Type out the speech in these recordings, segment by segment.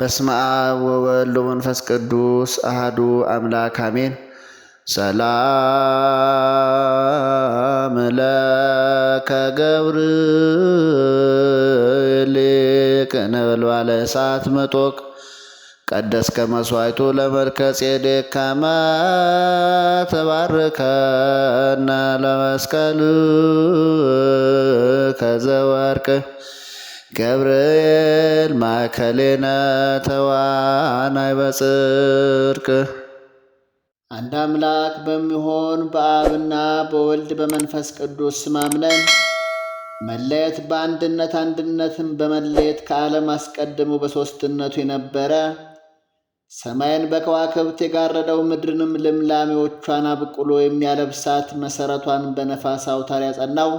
በስመ አብ ወወልድ ወመንፈስ ቅዱስ አህዱ አምላክ አሜን። ሰላም ለከ ገብርኤል ነበልባለ እሳት መጦቅ ቀደስ መሥዋዕቱ ለመልከ ጼዴቅ ከመ ተባርከነ ለመስቀል ከዘወርቅ ገብርኤል ማእከሌነ ተዋናይ በጽድቅ አንድ አምላክ በሚሆን በአብና በወልድ በመንፈስ ቅዱስ ስማምነን መለየት በአንድነት አንድነትን በመለየት ከዓለም አስቀድሞ በሦስትነቱ የነበረ ሰማይን በከዋክብት የጋረደው ምድርንም ልምላሜዎቿን አብቁሎ የሚያለብሳት መሠረቷን በነፋስ አውታር ያጸናው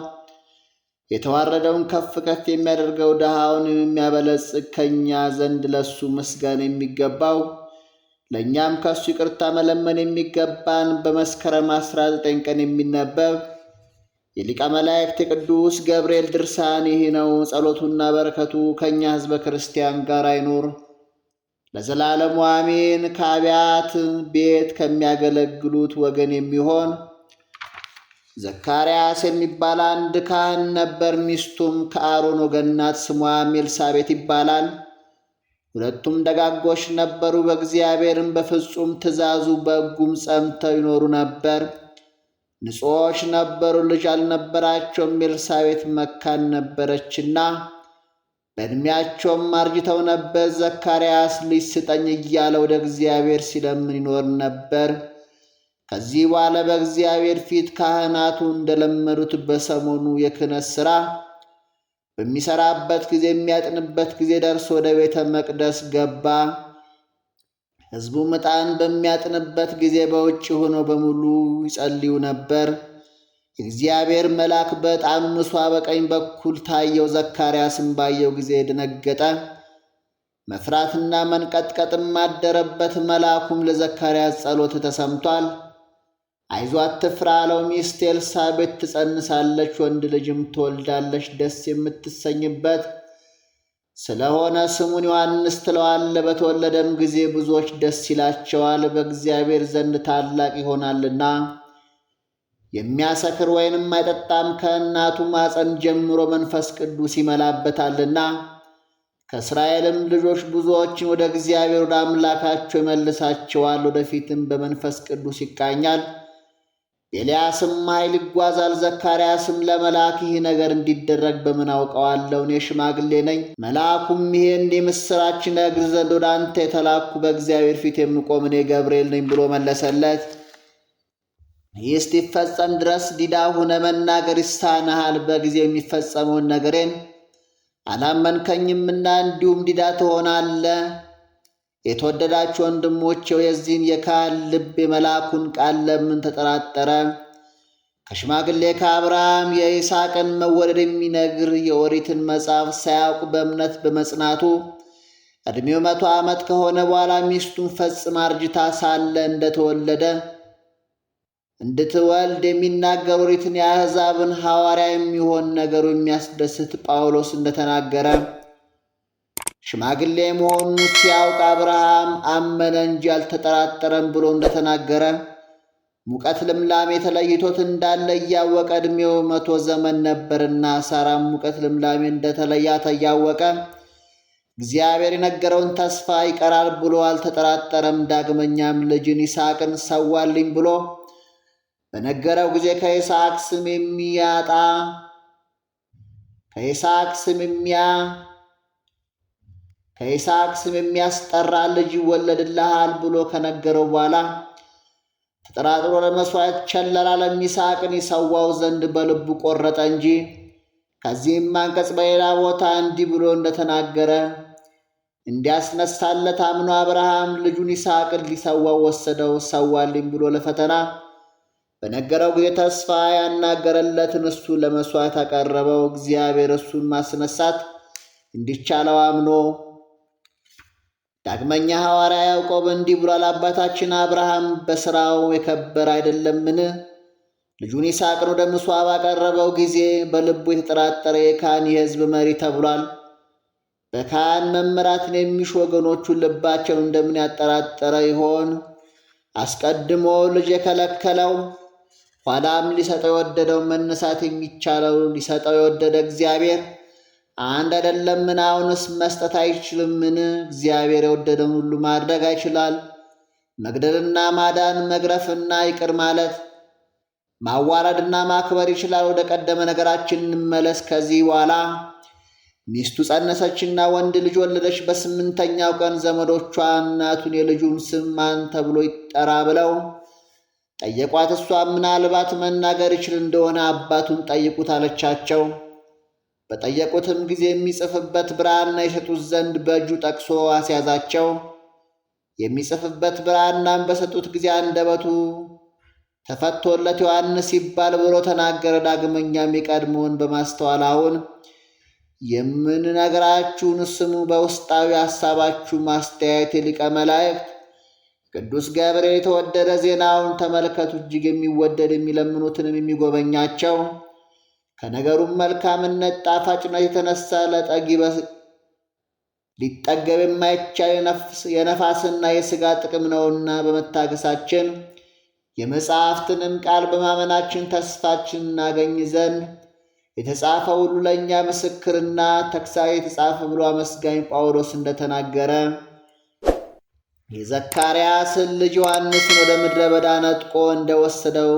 የተዋረደውን ከፍ ከፍ የሚያደርገው ድሃውን የሚያበለጽግ ከእኛ ዘንድ ለሱ ምስጋና የሚገባው ለእኛም ከሱ ይቅርታ መለመን የሚገባን በመስከረም 19 ቀን የሚነበብ የሊቀ መላእክት የቅዱስ ገብርኤል ድርሳን ይህ ነው። ጸሎቱና በረከቱ ከእኛ ሕዝበ ክርስቲያን ጋር አይኖር ለዘላለሙ አሜን። ከአብያት ቤት ከሚያገለግሉት ወገን የሚሆን ዘካርያስ የሚባል አንድ ካህን ነበር። ሚስቱም ከአሮን ወገን ናት፣ ስሟም ኤልሳቤጥ ይባላል። ሁለቱም ደጋጎች ነበሩ፣ በእግዚአብሔርም በፍጹም ትእዛዙ በሕጉም ጸምተው ይኖሩ ነበር። ንጹዎች ነበሩ፣ ልጅ አልነበራቸውም። ኤልሳቤጥ መካን ነበረችና በዕድሜያቸውም አርጅተው ነበር። ዘካርያስ ልጅ ስጠኝ እያለ ወደ እግዚአብሔር ሲለምን ይኖር ነበር። ከዚህ በኋላ በእግዚአብሔር ፊት ካህናቱ እንደለመዱት በሰሞኑ የክህነት ሥራ በሚሠራበት ጊዜ የሚያጥንበት ጊዜ ደርሶ ወደ ቤተ መቅደስ ገባ። ሕዝቡ ምጣን በሚያጥንበት ጊዜ በውጭ ሆኖ በሙሉ ይጸልዩ ነበር። የእግዚአብሔር መልአክ በጣም ምሷ በቀኝ በኩል ታየው። ዘካርያስም ባየው ጊዜ ደነገጠ፣ መፍራትና መንቀጥቀጥም አደረበት። መልአኩም ለዘካርያስ ጸሎት ተሰምቷል አይዞ አትፍራ አለው። ሚስት ኤልሳቤት ትጸንሳለች፣ ወንድ ልጅም ትወልዳለች፣ ደስ የምትሰኝበት ስለሆነ ስሙን ዮሐንስ ትለዋለ በተወለደም ጊዜ ብዙዎች ደስ ይላቸዋል፣ በእግዚአብሔር ዘንድ ታላቅ ይሆናልና። የሚያሰክር ወይንም አይጠጣም፣ ከእናቱ ማፀን ጀምሮ መንፈስ ቅዱስ ይመላበታልና። ከእስራኤልም ልጆች ብዙዎችን ወደ እግዚአብሔር ወደ አምላካቸው ይመልሳቸዋል፣ ወደፊትም በመንፈስ ቅዱስ ይቃኛል። ኤልያስም ኃይል ይጓዛል። ዘካርያስም ለመልአክ ይህ ነገር እንዲደረግ በምን አውቀዋለሁ? እኔ ሽማግሌ ነኝ። መልአኩም ይሄን የምስራችን ነግር ዘንድ ወደ አንተ የተላኩ በእግዚአብሔር ፊት የምቆም እኔ ገብርኤል ነኝ ብሎ መለሰለት። ይህ እስኪፈጸም ድረስ ዲዳ ሁነ መናገር ይሳንሃል። በጊዜ የሚፈጸመውን ነገሬን አላመንከኝምና እንዲሁም ዲዳ ትሆናለህ። የተወደዳችሁ ወንድሞች የዚህን የካህን ልብ የመልአኩን ቃል ለምን ተጠራጠረ? ከሽማግሌ ከአብርሃም የይስሐቅን መወደድ የሚነግር የኦሪትን መጽሐፍ ሳያውቅ በእምነት በመጽናቱ ዕድሜው መቶ ዓመት ከሆነ በኋላ ሚስቱን ፈጽማ አርጅታ ሳለ እንደተወለደ እንድትወልድ የሚናገር ኦሪትን የአሕዛብን ሐዋርያ የሚሆን ነገሩ የሚያስደስት ጳውሎስ እንደተናገረ ሽማግሌ መሆኑን ሲያውቅ አብርሃም አመነ እንጂ አልተጠራጠረም ብሎ እንደተናገረ ሙቀት ልምላሜ ተለይቶት እንዳለ እያወቀ ዕድሜው መቶ ዘመን ነበርና ሳራም ሙቀት ልምላሜ እንደተለያተ እያወቀ እግዚአብሔር የነገረውን ተስፋ ይቀራል ብሎ አልተጠራጠረም። ዳግመኛም ልጅን ይስሐቅን ሰዋልኝ ብሎ በነገረው ጊዜ ከይስሐቅ ስም የሚያጣ ከይስሐቅ ስም የሚያ ከይስሐቅ ስም የሚያስጠራ ልጅ ይወለድልሃል ብሎ ከነገረው በኋላ ተጠራጥሮ ለመሥዋዕት ቸለላ ለሚስሐቅን ይሰዋው ዘንድ በልቡ ቆረጠ እንጂ ከዚህም አንቀጽ በሌላ ቦታ እንዲህ ብሎ እንደተናገረ እንዲያስነሳለት አምኖ አብርሃም ልጁን ይስሐቅን ሊሰዋው ወሰደው። ሰዋልኝ ብሎ ለፈተና በነገረው ጊዜ ተስፋ ያናገረለትን እሱ ለመሥዋዕት አቀረበው። እግዚአብሔር እሱን ማስነሳት እንዲቻለው አምኖ ዳግመኛ ሐዋርያ ያዕቆብ እንዲህ ብሏል፣ አባታችን አብርሃም በሥራው የከበረ አይደለምን? ልጁን ይስሐቅን ወደ ምጽዋ ባቀረበው ጊዜ በልቡ የተጠራጠረ የካህን የሕዝብ መሪ ተብሏል። በካህን መምራትን የሚሹ ወገኖቹን ልባቸውን እንደምን ያጠራጠረ ይሆን? አስቀድሞ ልጅ የከለከለው ኋላም ሊሰጠው የወደደው መነሳት የሚቻለው ሊሰጠው የወደደ እግዚአብሔር አንድ አይደለምን? አሁንስ መስጠት አይችልምን? እግዚአብሔር የወደደውን ሁሉ ማድረግ አይችላል። መግደልና ማዳን፣ መግረፍና ይቅር ማለት፣ ማዋረድና ማክበር ይችላል። ወደ ቀደመ ነገራችን እንመለስ። ከዚህ በኋላ ሚስቱ ጸነሰችና ወንድ ልጅ ወለደች። በስምንተኛው ቀን ዘመዶቿ እናቱን የልጁን ስም ማን ተብሎ ይጠራ ብለው ጠየቋት። እሷ ምናልባት መናገር ይችል እንደሆነ አባቱን ጠይቁት አለቻቸው። በጠየቁትም ጊዜ የሚጽፍበት ብራና የሰጡት ዘንድ በእጁ ጠቅሶ አስያዛቸው። የሚጽፍበት ብራናም በሰጡት ጊዜ አንደበቱ ተፈቶለት ዮሐንስ ይባል ብሎ ተናገረ። ዳግመኛም የቀድሞውን በማስተዋል አሁን የምንነግራችሁን ስሙ፣ በውስጣዊ ሐሳባችሁ ማስተያየት የሊቀ መላእክት ቅዱስ ገብርኤል የተወደደ ዜናውን ተመልከቱ። እጅግ የሚወደድ የሚለምኑትንም የሚጎበኛቸው ከነገሩም መልካምነት ጣፋጭነት የተነሳ ለጠጊ ሊጠገብ የማይቻል የነፋስና የሥጋ ጥቅም ነውና በመታገሳችን የመጽሐፍትንም ቃል በማመናችን ተስፋችን እናገኝ ዘንድ የተጻፈ ሁሉ ለእኛ ምስክርና ተክሳ የተጻፈ ብሎ አመስጋኝ ጳውሎስ እንደተናገረ የዘካርያስን ልጅ ዮሐንስን ወደ ምድረ በዳ ነጥቆ እንደወሰደው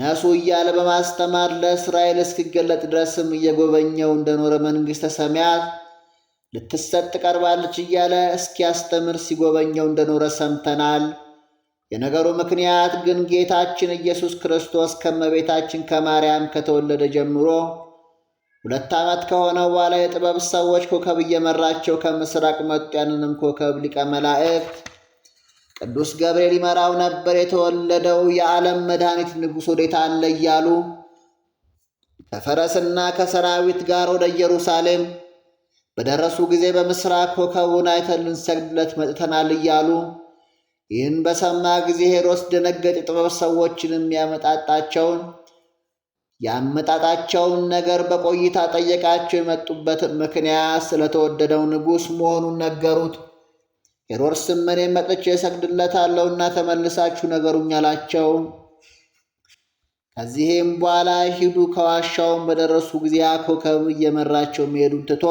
ነሱ እያለ በማስተማር ለእስራኤል እስኪገለጥ ድረስም እየጎበኘው እንደኖረ መንግሥተ ሰማያት ልትሰጥ ቀርባለች እያለ እስኪያስተምር ሲጎበኘው እንደኖረ ሰምተናል። የነገሩ ምክንያት ግን ጌታችን ኢየሱስ ክርስቶስ ከመቤታችን ከማርያም ከተወለደ ጀምሮ ሁለት ዓመት ከሆነው በኋላ የጥበብ ሰዎች ኮከብ እየመራቸው ከምሥራቅ መጡ። ያንንም ኮከብ ሊቀ መላእክት ቅዱስ ገብርኤል ይመራው ነበር። የተወለደው የዓለም መድኃኒት ንጉሥ ወዴት አለ እያሉ ከፈረስና ከሰራዊት ጋር ወደ ኢየሩሳሌም በደረሱ ጊዜ በምስራቅ ኮከቡን አይተን ልንሰግድለት መጥተናል እያሉ ይህን በሰማ ጊዜ ሄሮስ ደነገጥ የጥበብ ሰዎችንም ያመጣጣቸውን ያመጣጣቸውን ነገር በቆይታ ጠየቃቸው። የመጡበት ምክንያት ስለተወደደው ንጉሥ መሆኑን ነገሩት። ሄሮድስም እኔም መጥቼ እሰግድለታለሁና ተመልሳችሁ ነገሩኝ አላቸው። ከዚህም በኋላ ሂዱ። ከዋሻውም በደረሱ ጊዜ ኮከብ እየመራቸው መሄዱን ትቶ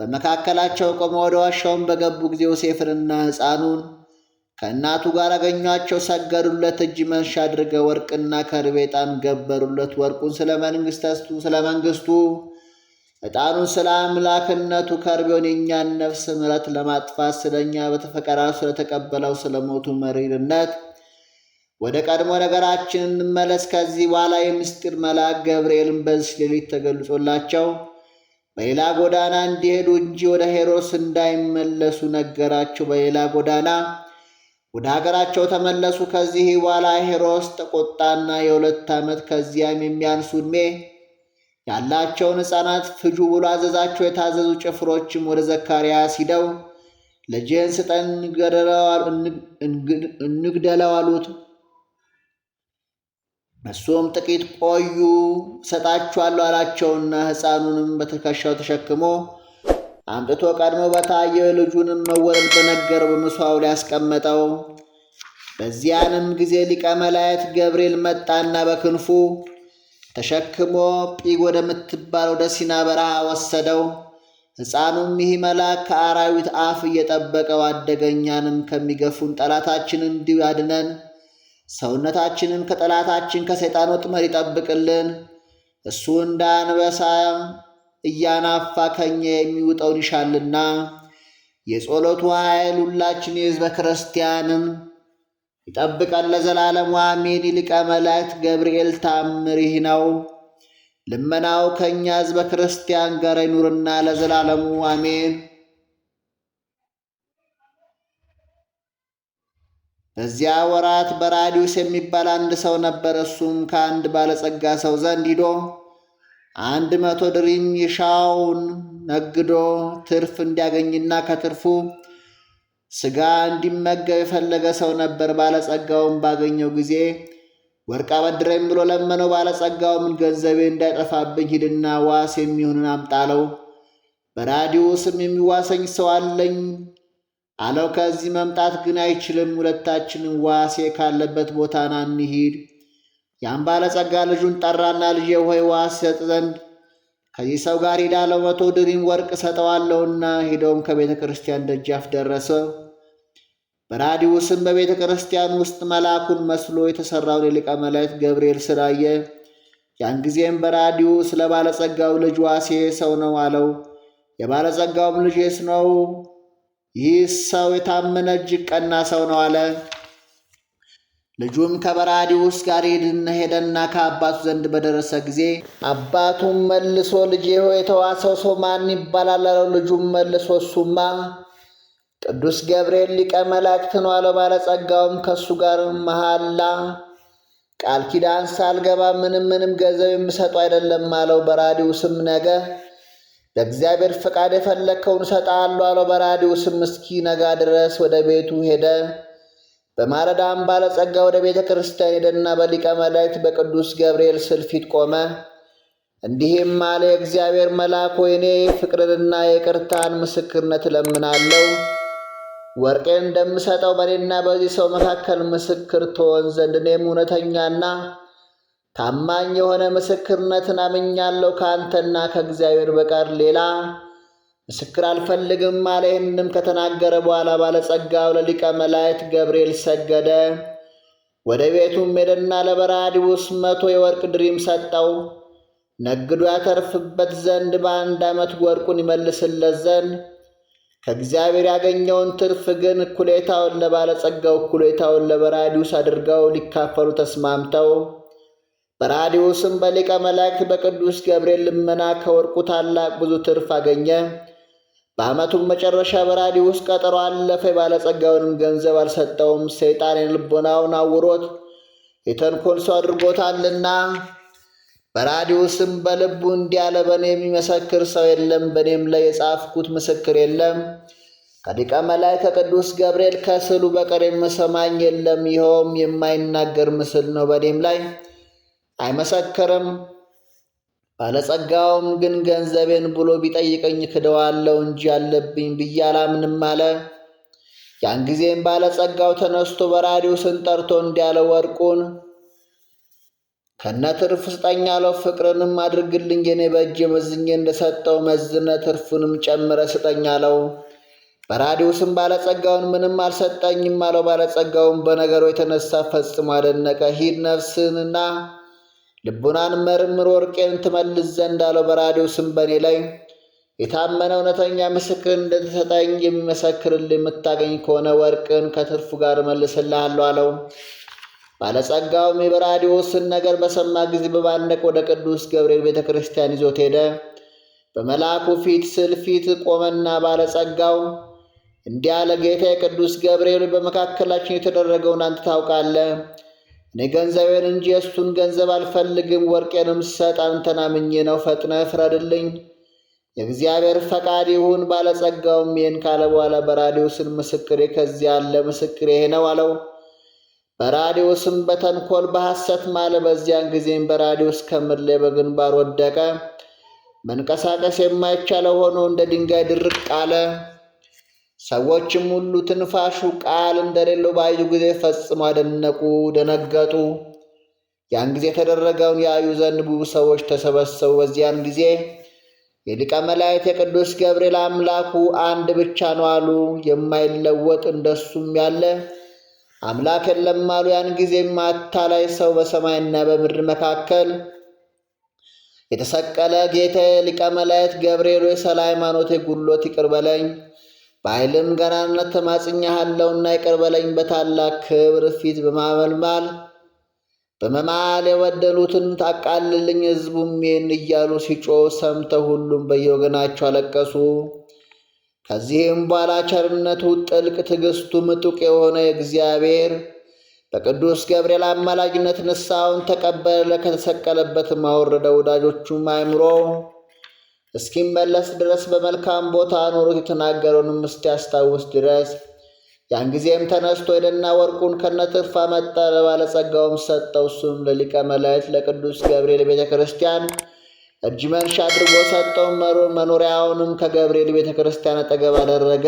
በመካከላቸው ቆመ። ወደ ዋሻውም በገቡ ጊዜ ዮሴፍንና ሕፃኑን ከእናቱ ጋር አገኟቸው። ሰገዱለት። እጅ መንሻ አድርገ ወርቅና ከርቤጣን ገበሩለት። ወርቁን ስለ መንግስቱ ዕጣኑ ስለ አምላክነቱ ከርቢውን የእኛን ነፍስ ምረት ለማጥፋት ስለ እኛ ስለተቀበለው ስለ ሞቱ መሪርነት ወደ ቀድሞ ነገራችን እንመለስ። ከዚህ በኋላ የምስጢር መልአክ ገብርኤልን በዚህ ሌሊት ተገልጾላቸው በሌላ ጎዳና እንዲሄዱ እንጂ ወደ ሄሮድስ እንዳይመለሱ ነገራቸው። በሌላ ጎዳና ወደ ሀገራቸው ተመለሱ። ከዚህ በኋላ ሄሮድስ ተቆጣና የሁለት ዓመት ከዚያም የሚያንሱ ዕድሜ ያላቸውን ሕፃናት ፍጁ ብሎ አዘዛቸው። የታዘዙ ጭፍሮችም ወደ ዘካርያስ ሂደው ልጅህን ስጠን እንግደለው አሉት። እሱም ጥቂት ቆዩ እሰጣችኋለሁ አላቸውና ሕፃኑንም በትከሻው ተሸክሞ አምጥቶ ቀድሞ በታየው ልጁንም መወለድ በነገረው በምስዋው ላይ ያስቀመጠው። በዚያንም ጊዜ ሊቀ መላእክት ገብርኤል መጣና በክንፉ ተሸክሞ ጲግ ወደምትባል ወደ ሲና በረሃ ወሰደው። ሕፃኑም ይህ መልአክ ከአራዊት አፍ እየጠበቀው አደገኛንም ከሚገፉን ጠላታችን እንዲሁ ያድነን፣ ሰውነታችንን ከጠላታችን ከሰይጣን ወጥመድ ይጠብቅልን። እሱ እንደ አንበሳ እያናፋ ከኛ የሚውጠውን ይሻልና የጸሎቱ ኃይል ሁላችን የሕዝበ ክርስቲያንን ይጠብቀን ለዘላለሙ አሚን ይሊቀ መላእክት ገብርኤል ታምሪህ ነው። ልመናው ከእኛ ሕዝበ ክርስቲያን ጋር ይኑርና ለዘላለሙ አሜን። በዚያ ወራት በራዲዮስ የሚባል አንድ ሰው ነበር። እሱም ከአንድ ባለጸጋ ሰው ዘንድ ሂዶ አንድ መቶ ድሪም ይሻውን ነግዶ ትርፍ እንዲያገኝና ከትርፉ ሥጋ እንዲመገብ የፈለገ ሰው ነበር። ባለጸጋውም ባገኘው ጊዜ ወርቅ አበድረኝ ብሎ ለመነው። ባለጸጋውም ገንዘቤ እንዳይጠፋብኝ ሂድና ዋስ የሚሆንን አምጣለው፣ በራዲዮስም የሚዋሰኝ ሰው አለኝ አለው። ከዚህ መምጣት ግን አይችልም፣ ሁለታችንም ዋሴ ካለበት ቦታ ና እንሂድ። ያም ባለጸጋ ልጁን ጠራና ልጄ ሆይ ዋስ ሰጥ ዘንድ ከዚህ ሰው ጋር ሂድ መቶ ድሪም ወርቅ ሰጠዋለውና። ሂደውም ከቤተ ክርስቲያን ደጃፍ ደረሰ። በራዲውስም በቤተ ክርስቲያን ውስጥ መልአኩን መስሎ የተሰራውን የሊቀ መላእክት ገብርኤል ስራ አየ። ያን ጊዜም በራዲውስ ለባለጸጋው ልጅ ዋሴ ሰው ነው አለው። የባለጸጋውም ልጅስ ነው ይህ ሰው የታመነ እጅግ ቀና ሰው ነው አለ። ልጁም ከበራዲውስ ጋር ሄደና ከአባቱ ዘንድ በደረሰ ጊዜ አባቱም መልሶ ልጄ ሆይ የተዋሰው ሰው ማን ይባላል አለው። ልጁም መልሶ እሱማ ቅዱስ ገብርኤል ሊቀ መላእክት ነው አለው። ባለጸጋውም ከእሱ ጋር መሐላ ቃል ኪዳን ሳልገባ ምንም ምንም ገንዘብ የምሰጡ አይደለም አለው። በራዲው ስም ነገ ለእግዚአብሔር ፈቃድ የፈለግከውን እሰጥሃለሁ አለው። በራዲው ስም እስኪ ነጋ ድረስ ወደ ቤቱ ሄደ። በማረዳም ባለጸጋ ወደ ቤተ ክርስቲያን ሄደና በሊቀ መላእክት በቅዱስ ገብርኤል ስዕል ፊት ቆመ። እንዲህም አለ፣ የእግዚአብሔር መልአክ ሆይ እኔ ፍቅርንና የቅርታን ምስክርነት እለምናለሁ ወርቄን እንደምሰጠው በእኔና በዚህ ሰው መካከል ምስክር ትሆን ዘንድ እኔም እውነተኛና ታማኝ የሆነ ምስክርነትን አምኛለሁ። ከአንተና ከእግዚአብሔር በቀር ሌላ ምስክር አልፈልግም አለ። ይህንም ከተናገረ በኋላ ባለጸጋው ለሊቀ መላእክት ገብርኤል ሰገደ። ወደ ቤቱም ሄደና ለበራዲዎስ መቶ የወርቅ ድሪም ሰጠው፣ ነግዶ ያተርፍበት ዘንድ በአንድ ዓመት ወርቁን ይመልስለት ዘንድ ከእግዚአብሔር ያገኘውን ትርፍ ግን እኩሌታውን ለባለጸጋው፣ እኩሌታውን ለበራዲውስ አድርገው ሊካፈሉ ተስማምተው በራዲውስም በሊቀ መላእክት በቅዱስ ገብርኤል ልመና ከወርቁ ታላቅ ብዙ ትርፍ አገኘ። በዓመቱም መጨረሻ በራዲውስ ቀጠሮ አለፈ። የባለጸጋውንም ገንዘብ አልሰጠውም፣ ሰይጣን የልቦናውን አውሮት የተንኮል ሰው አድርጎታልና። በራዲዮስም በልቡ እንዲያለ አለ፣ በእኔ የሚመሰክር ሰው የለም፣ በእኔም ላይ የጻፍኩት ምስክር የለም። ከሊቀ መላእክት ከቅዱስ ገብርኤል ከስዕሉ በቀር የምሰማኝ የለም። ይኸውም የማይናገር ምስል ነው፣ በእኔም ላይ አይመሰክርም። ባለጸጋውም ግን ገንዘቤን ብሎ ቢጠይቀኝ ክደዋለው እንጂ ያለብኝ ብዬ አላምንም አለ። ያን ጊዜም ባለጸጋው ተነስቶ በራዲዮስን ጠርቶ እንዲያለ ወርቁን ከነ ትርፍ ስጠኝ አለው። ፍቅርንም አድርግልኝ የኔ በእጅ መዝኜ እንደሰጠው መዝነ ትርፉንም ጨምረ ስጠኝ አለው። በራዲውስም ባለጸጋውን ምንም አልሰጠኝም አለው። ባለጸጋውን በነገሩ የተነሳ ፈጽሞ አደነቀ። ሂድ ነፍስንና ልቡናን መርምር ወርቄን ትመልስ ዘንድ አለው። በራዲውስም በእኔ ላይ የታመነ እውነተኛ ምስክር እንደተሰጠኝ የሚመሰክርል የምታገኝ ከሆነ ወርቅን ከትርፉ ጋር እመልስልሃለሁ አለው። ባለጸጋውም የበራዲዎስን ነገር በሰማ ጊዜ በማነቅ ወደ ቅዱስ ገብርኤል ቤተ ክርስቲያን ይዞት ሄደ። በመልአኩ ፊት ስዕል ፊት ቆመና ባለጸጋው እንዲህ አለ፣ ጌታ የቅዱስ ገብርኤል በመካከላችን የተደረገውን አንተ ታውቃለህ። እኔ ገንዘቤን እንጂ የእሱን ገንዘብ አልፈልግም፣ ወርቄንም ስሰጥ አንተን አምኜ ነው። ፈጥነ ፍረድልኝ፣ የእግዚአብሔር ፈቃድ ይሁን። ባለጸጋውም ይህን ካለ በኋላ በራዲዮስን ምስክሬ ከዚህ ያለ ምስክሬ ይሄ ነው አለው። በራዲዮስም በተንኮል በሐሰት ማለ። በዚያን ጊዜም በራዲዮስ ከምድር ላይ በግንባር ወደቀ። መንቀሳቀስ የማይቻለው ሆኖ እንደ ድንጋይ ድርቅ አለ። ሰዎችም ሁሉ ትንፋሹ ቃል እንደሌለው ባዩ ጊዜ ፈጽሞ አደነቁ፣ ደነገጡ። ያን ጊዜ የተደረገውን ያዩ ዘንድ ብዙ ሰዎች ተሰበሰቡ። በዚያን ጊዜ የሊቀ መላእክት የቅዱስ ገብርኤል አምላኩ አንድ ብቻ ነው አሉ። የማይለወጥ እንደሱም ያለ አምላክ የለም አሉ። ያን ጊዜም አታላይ ሰው በሰማይና በምድር መካከል የተሰቀለ ጌታ ሊቀ መላእክት ገብርኤል ሆይ ስለ ሃይማኖቴ ጉሎት ይቅር በለኝ፣ በኃይልም ገናነት ተማጽኛሃለውና ይቅር በለኝ። በታላቅ ክብር ፊት በማመልማል በመማል የበደሉትን ታቃልልኝ። ህዝቡም ይህን እያሉ ሲጮ ሰምተው ሁሉም በየወገናቸው አለቀሱ። ከዚህም በኋላ ቸርነቱ ጥልቅ፣ ትግስቱ ምጡቅ የሆነ እግዚአብሔር በቅዱስ ገብርኤል አማላጅነት ንስሐውን ተቀበለ። ከተሰቀለበት ማወረደ ወዳጆቹም አይምሮ እስኪመለስ ድረስ በመልካም ቦታ ኑሮት የተናገረውንም እስኪያስታውስ ድረስ ያን ጊዜም ተነስቶ ሄደና ወርቁን ከነትርፋ መጠ ለባለጸጋውም ሰጠው። እሱም ለሊቀ መላእክት ለቅዱስ ገብርኤል ቤተ ክርስቲያን እጅ መንሻ አድርጎ ሰጠው። መኖሪያውንም ከገብርኤል ቤተ ክርስቲያን አጠገብ አደረገ።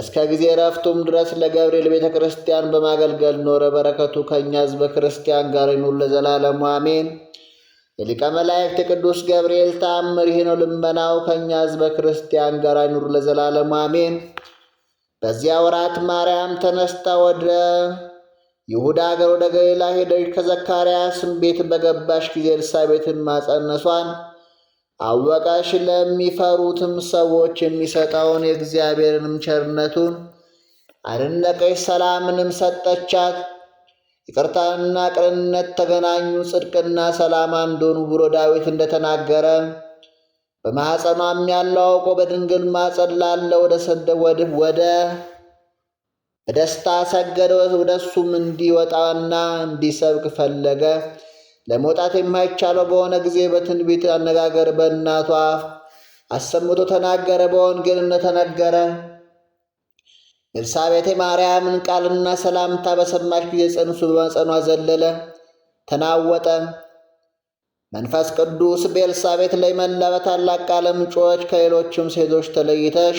እስከ ጊዜ ረፍቱም ድረስ ለገብርኤል ቤተ ክርስቲያን በማገልገል ኖረ። በረከቱ ከእኛ ሕዝበ ክርስቲያን ጋር ይኑር ለዘላለሙ አሜን። የሊቀ መላእክት ቅዱስ ገብርኤል ተአምር ይህ ነው። ልመናው ከእኛ ሕዝበ ክርስቲያን ጋር ይኑር ለዘላለሙ አሜን። በዚያ ወራት ማርያም ተነስታ ወደ ይሁዳ አገር ወደ ገሊላ ሄደች፣ ከዘካርያስም ቤት በገባች ጊዜ ኤልሳቤጥን ማጸነሷን አወቀች። ለሚፈሩትም ሰዎች የሚሰጠውን የእግዚአብሔርንም ቸርነቱን አደነቀች፣ ሰላምንም ሰጠቻት። ይቅርታና ቅንነት ተገናኙ፣ ጽድቅና ሰላም አንዱን ብሎ ዳዊት እንደተናገረ በማኅፀኗም ያለው አውቆ በድንግል ማጸን ላለ ወደ በደስታ ሰገደ። እሱም እንዲወጣና እንዲሰብክ ፈለገ። ለመውጣት የማይቻለው በሆነ ጊዜ በትንቢት አነጋገር በእናቱ አፍ አሰምቶ ተናገረ፣ በወንጌል እንደተነገረ። ኤልሳቤጥ የማርያምን ቃልና ሰላምታ በሰማች ጊዜ ጽንሱ በመጸኗ ዘለለ፣ ተናወጠ። መንፈስ ቅዱስ በኤልሳቤጥ ላይ መላ። በታላቅ ቃለም ጮኸች፣ ከሌሎችም ሴቶች ተለይተሽ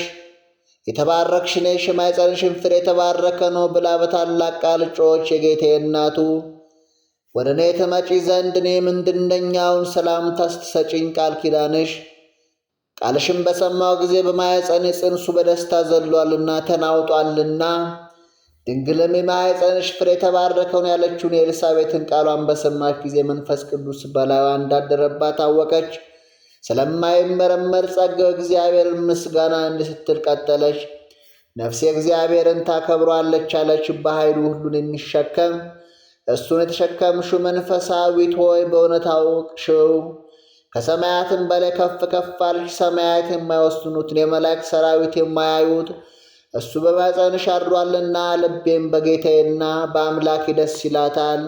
የተባረክሽ ነሽ የማኅፀንሽም ፍሬ የተባረከ ነው ብላ በታላቅ ቃል ጮኸች። የጌቴ እናቱ ወደ እኔ ትመጪ ዘንድ እኔ ምንድነኛውን ሰላምታ ስትሰጪኝ ቃል ኪዳንሽ ቃልሽን በሰማው ጊዜ በማኅፀኔ ጽንሱ በደስታ ዘሏልና ተናውጧልና ድንግልም የማኅፀንሽ ፍሬ የተባረከውን ያለችውን የኤልሳቤትን ቃሏን በሰማች ጊዜ መንፈስ ቅዱስ በላዩ እንዳደረባት አወቀች። ስለማይመረመር ጸጋው እግዚአብሔር ምስጋና እንዲህ ስትል ቀጠለች። ነፍሴ እግዚአብሔርን ታከብሯለች አለች። በኃይሉ ሁሉን የሚሸከም እሱን የተሸከምሹ መንፈሳዊት ሆይ በእውነት አውቅሽው። ከሰማያትም በላይ ከፍ ከፍ አልሽ። ሰማያት የማይወስኑትን የመላእክት ሰራዊት የማያዩት እሱ በማኅፀንሽ አድሯልና። ልቤም በጌታዬና በአምላክ ደስ ይላታል፣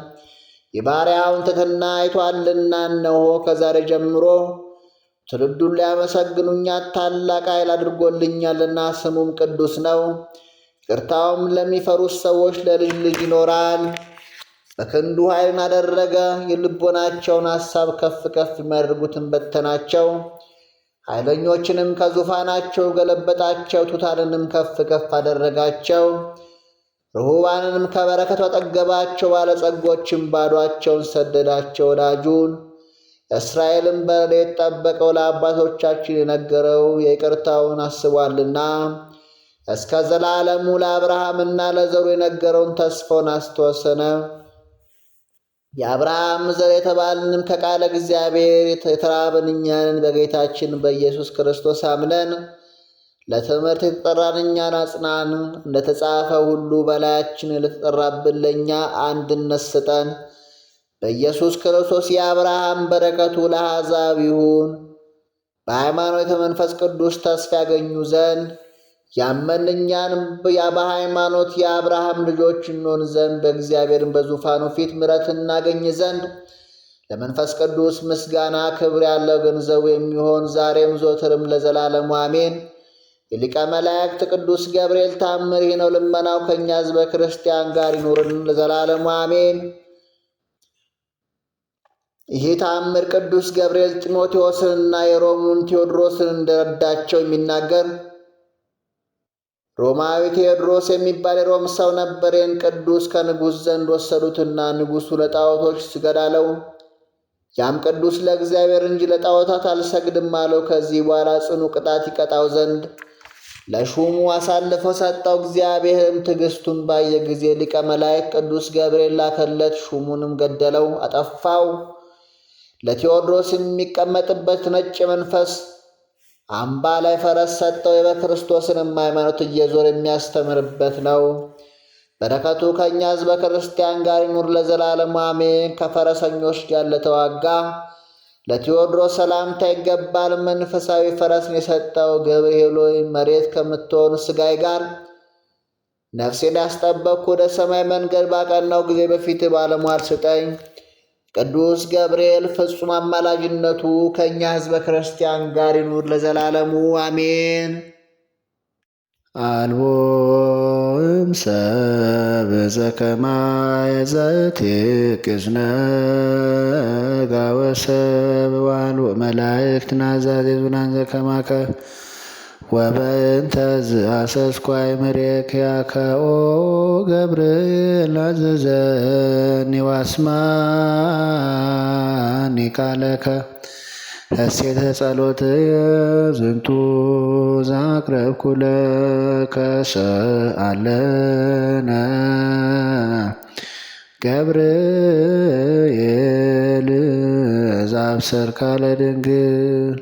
የባሪያውን ትትና አይቷልና። እነሆ ከዛሬ ጀምሮ ትውልዱን ሊያመሰግኑኛ ታላቅ ኃይል አድርጎልኛልና ስሙም ቅዱስ ነው። ይቅርታውም ለሚፈሩት ሰዎች ለልጅ ልጅ ይኖራል። በክንዱ ኃይልን አደረገ። የልቦናቸውን ሐሳብ ከፍ ከፍ የሚያደርጉትን በተናቸው። ኃይለኞችንም ከዙፋናቸው ገለበጣቸው። ቱታንንም ከፍ ከፍ አደረጋቸው። ርሁባንንም ከበረከቱ አጠገባቸው። ባለጸጎችም ባዷቸውን ሰደዳቸው። ወዳጁን እስራኤልም በሌት ጠበቀው ለአባቶቻችን የነገረው የይቅርታውን አስቧልና እስከ ዘላለሙ ለአብርሃምና ለዘሩ የነገረውን ተስፋውን አስተወሰነ። የአብርሃም ዘር የተባልንም ከቃለ እግዚአብሔር የተራብን እኛንን በጌታችን በኢየሱስ ክርስቶስ አምነን ለትምህርት የተጠራን እኛን አጽናን። እንደተጻፈ ሁሉ በላያችን ለተጠራብን ለእኛ አንድነት ስጠን። በኢየሱስ ክርስቶስ የአብርሃም በረከቱ ለአሕዛብ ይሁን። በሃይማኖተ መንፈስ ቅዱስ ተስፋ ያገኙ ዘንድ ያመንኛን በሃይማኖት የአብርሃም ልጆች እንሆን ዘንድ በእግዚአብሔርን በዙፋኑ ፊት ምረት እናገኝ ዘንድ ለመንፈስ ቅዱስ ምስጋና ክብር ያለው ገንዘቡ የሚሆን ዛሬም ዘወትርም ለዘላለሙ አሜን። የሊቀ መላእክት ቅዱስ ገብርኤል ታምር ነው። ልመናው ከእኛ ሕዝበ ክርስቲያን ጋር ይኑርን ለዘላለሙ አሜን። ይህ ተአምር ቅዱስ ገብርኤል ጢሞቴዎስንና የሮሙን ቴዎድሮስን እንደረዳቸው የሚናገር ሮማዊ ቴዎድሮስ የሚባል የሮም ሰው ነበር። ይህን ቅዱስ ከንጉሥ ዘንድ ወሰዱትና ንጉሡ ለጣዖቶች ስገድ አለው። ያም ቅዱስ ለእግዚአብሔር እንጂ ለጣዖታት አልሰግድም አለው። ከዚህ በኋላ ጽኑ ቅጣት ይቀጣው ዘንድ ለሹሙ አሳልፎ ሰጠው። እግዚአብሔርም ትዕግስቱን ባየ ጊዜ ሊቀ መላእክት ቅዱስ ገብርኤል ላከለት። ሹሙንም ገደለው፣ አጠፋው። ለቴዎድሮስ የሚቀመጥበት ነጭ መንፈስ አምባ ላይ ፈረስ ሰጠው። የበክርስቶስንም ሃይማኖት እየዞር የሚያስተምርበት ነው። በረከቱ ከእኛ ሕዝበ ክርስቲያን ጋር ይኑር ለዘላለም አሜን። ከፈረሰኞች ጋር ለተዋጋ ለቴዎድሮስ ሰላምታ ይገባል። መንፈሳዊ ፈረስን የሰጠው ገብርኤል ሆይ መሬት ከምትሆን ስጋይ ጋር ነፍሴን ያስጠበቅኩ ወደ ሰማይ መንገድ ባቀናው ጊዜ በፊት ባለሟል ስጠኝ። ቅዱስ ገብርኤል ፍጹም አማላጅነቱ ከእኛ ሕዝበ ክርስቲያን ጋር ይኑር ለዘላለሙ አሜን። አልቦም ሰብ ዘከማ ዘትቅዝነ ጋወሰብ ዋልቦ መላእክት ናዛዜዙናን ዘከማከ ወበእንተ ዝአሰስኩ አእምሬክያከኦ ገብርኤል አዘዘኒ ዋስማኒ ቃለከ ሐሴተ ጸሎትየ ዝንቱ ዘአቅረብኩ ለከ ሰአለነ ገብርኤል ዘአብሰርካ ድንግል